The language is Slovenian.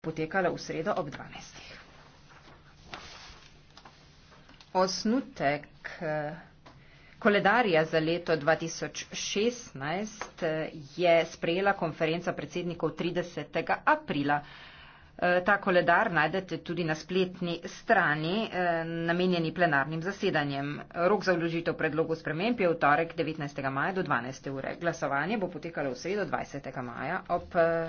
potekala v sredo ob 12. Osnutek eh, koledarja za leto 2016 eh, je sprejela konferenca predsednikov 30. aprila. Eh, ta koledar najdete tudi na spletni strani, namenjeni plenarnim zasedanjem. Rok za vložitev predlogov sprememb je v torek 19. maja do 12. ure. Glasovanje bo potekalo v sredo 20. maja ob.